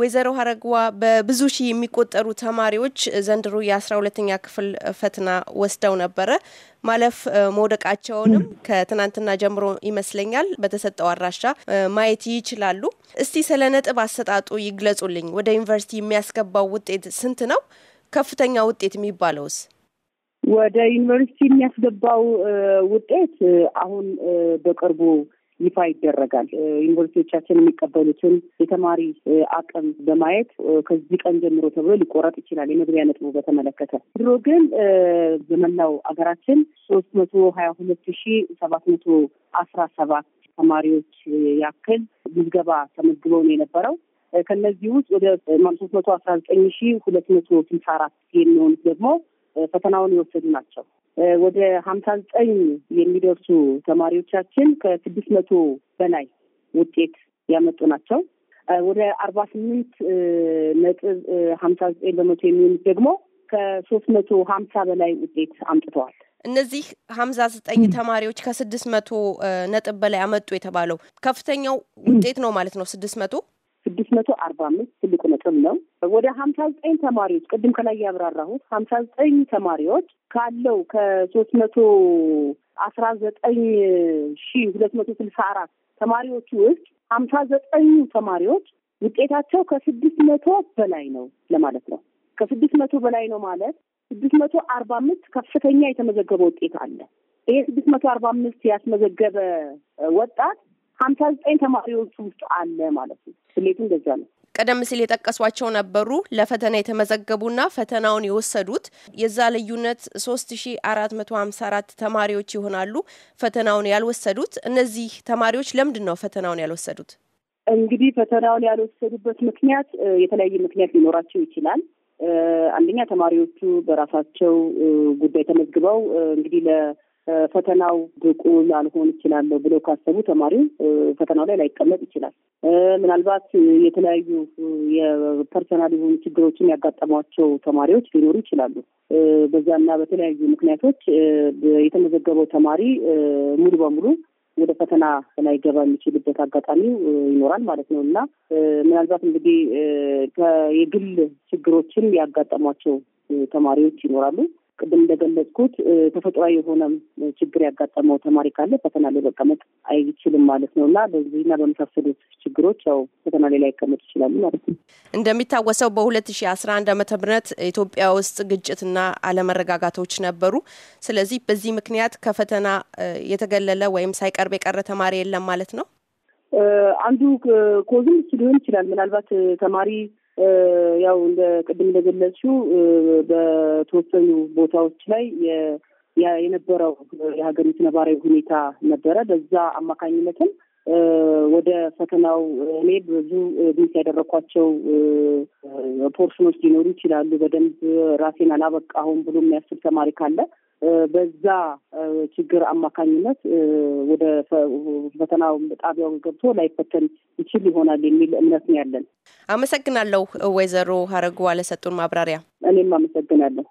ወይዘሮ ሀረግዋ በብዙ ሺህ የሚቆጠሩ ተማሪዎች ዘንድሮ የአስራ ሁለተኛ ክፍል ፈተና ወስደው ነበረ። ማለፍ መውደቃቸውንም ከትናንትና ጀምሮ ይመስለኛል በተሰጠው አድራሻ ማየት ይችላሉ። እስቲ ስለ ነጥብ አሰጣጡ ይግለጹልኝ። ወደ ዩኒቨርሲቲ የሚያስገባው ውጤት ስንት ነው? ከፍተኛ ውጤት የሚባለውስ? ወደ ዩኒቨርሲቲ የሚያስገባው ውጤት አሁን በቅርቡ ይፋ ይደረጋል። ዩኒቨርሲቲዎቻችን የሚቀበሉትን የተማሪ አቅም በማየት ከዚህ ቀን ጀምሮ ተብሎ ሊቆረጥ ይችላል። የመግቢያ ነጥቡ በተመለከተ ድሮ ግን በመላው አገራችን ሶስት መቶ ሀያ ሁለት ሺ ሰባት መቶ አስራ ሰባት ተማሪዎች ያክል ምዝገባ ተመዝግበው ነው የነበረው። ከነዚህ ውስጥ ወደ ሶስት መቶ አስራ ዘጠኝ ሺ ሁለት መቶ ስልሳ አራት የሚሆኑት ደግሞ ፈተናውን የወሰዱ ናቸው። ወደ ሀምሳ ዘጠኝ የሚደርሱ ተማሪዎቻችን ከስድስት መቶ በላይ ውጤት ያመጡ ናቸው። ወደ አርባ ስምንት ነጥብ ሀምሳ ዘጠኝ በመቶ የሚሆኑት ደግሞ ከሶስት መቶ ሀምሳ በላይ ውጤት አምጥተዋል። እነዚህ ሀምሳ ዘጠኝ ተማሪዎች ከስድስት መቶ ነጥብ በላይ አመጡ የተባለው ከፍተኛው ውጤት ነው ማለት ነው ስድስት መቶ ስድስት መቶ አርባ አምስት ትልቁ ነጥብ ነው። ወደ ሀምሳ ዘጠኝ ተማሪዎች ቅድም ከላይ ያብራራሁት ሀምሳ ዘጠኝ ተማሪዎች ካለው ከሶስት መቶ አስራ ዘጠኝ ሺ ሁለት መቶ ስልሳ አራት ተማሪዎቹ ውስጥ ሀምሳ ዘጠኙ ተማሪዎች ውጤታቸው ከስድስት መቶ በላይ ነው ለማለት ነው። ከስድስት መቶ በላይ ነው ማለት ስድስት መቶ አርባ አምስት ከፍተኛ የተመዘገበ ውጤት አለ። ይሄ ስድስት መቶ አርባ አምስት ያስመዘገበ ወጣት ሀምሳ ዘጠኝ ተማሪዎች ውስጥ አለ ማለት ነው። ስሌቱ እንደዛ ነው። ቀደም ሲል የጠቀሷቸው ነበሩ ለፈተና የተመዘገቡና ፈተናውን የወሰዱት የዛ ልዩነት ሶስት ሺ አራት መቶ ሀምሳ አራት ተማሪዎች ይሆናሉ ፈተናውን ያልወሰዱት። እነዚህ ተማሪዎች ለምንድን ነው ፈተናውን ያልወሰዱት? እንግዲህ ፈተናውን ያልወሰዱበት ምክንያት የተለያየ ምክንያት ሊኖራቸው ይችላል። አንደኛ ተማሪዎቹ በራሳቸው ጉዳይ ተመዝግበው እንግዲህ ፈተናው ብቁ ላልሆን ይችላለሁ ብለው ካሰቡ ተማሪው ፈተናው ላይ ላይቀመጥ ይችላል። ምናልባት የተለያዩ የፐርሰናል የሆኑ ችግሮችን ያጋጠሟቸው ተማሪዎች ሊኖሩ ይችላሉ። በዚያና በተለያዩ ምክንያቶች የተመዘገበው ተማሪ ሙሉ በሙሉ ወደ ፈተና ላይገባ የሚችልበት አጋጣሚው ይኖራል ማለት ነው እና ምናልባት እንግዲህ የግል ችግሮችን ያጋጠሟቸው ተማሪዎች ይኖራሉ። ቅድም እንደገለጽኩት ተፈጥሯዊ የሆነም ችግር ያጋጠመው ተማሪ ካለ ፈተና ላይ መቀመጥ አይችልም ማለት ነው እና በዚህና በመሳሰሉት ችግሮች ያው ፈተና ላይ ላይቀመጥ ይችላሉ ማለት ነው። እንደሚታወሰው በሁለት ሺ አስራ አንድ አመተ ምህረት ኢትዮጵያ ውስጥ ግጭትና አለመረጋጋቶች ነበሩ። ስለዚህ በዚህ ምክንያት ከፈተና የተገለለ ወይም ሳይቀርብ የቀረ ተማሪ የለም ማለት ነው። አንዱ ኮዝም ሊሆን ይችላል ምናልባት ተማሪ ያው እንደ ቅድም እንደገለጽሽው በተወሰኑ ቦታዎች ላይ የነበረው የሀገሪቱ ነባራዊ ሁኔታ ነበረ። በዛ አማካኝነትም ወደ ፈተናው እኔ ብዙ ቤት ያደረኳቸው ፖርሽኖች ሊኖሩ ይችላሉ። በደንብ ራሴን አላበቃሁም ብሎ የሚያስብ ተማሪ ካለ በዛ ችግር አማካኝነት ወደ ፈተናው ጣቢያው ገብቶ ላይፈተን ይችል ይሆናል የሚል እምነት ነው ያለን። አመሰግናለሁ ወይዘሮ ሀረጉ ለሰጡን ማብራሪያ። እኔም አመሰግናለሁ።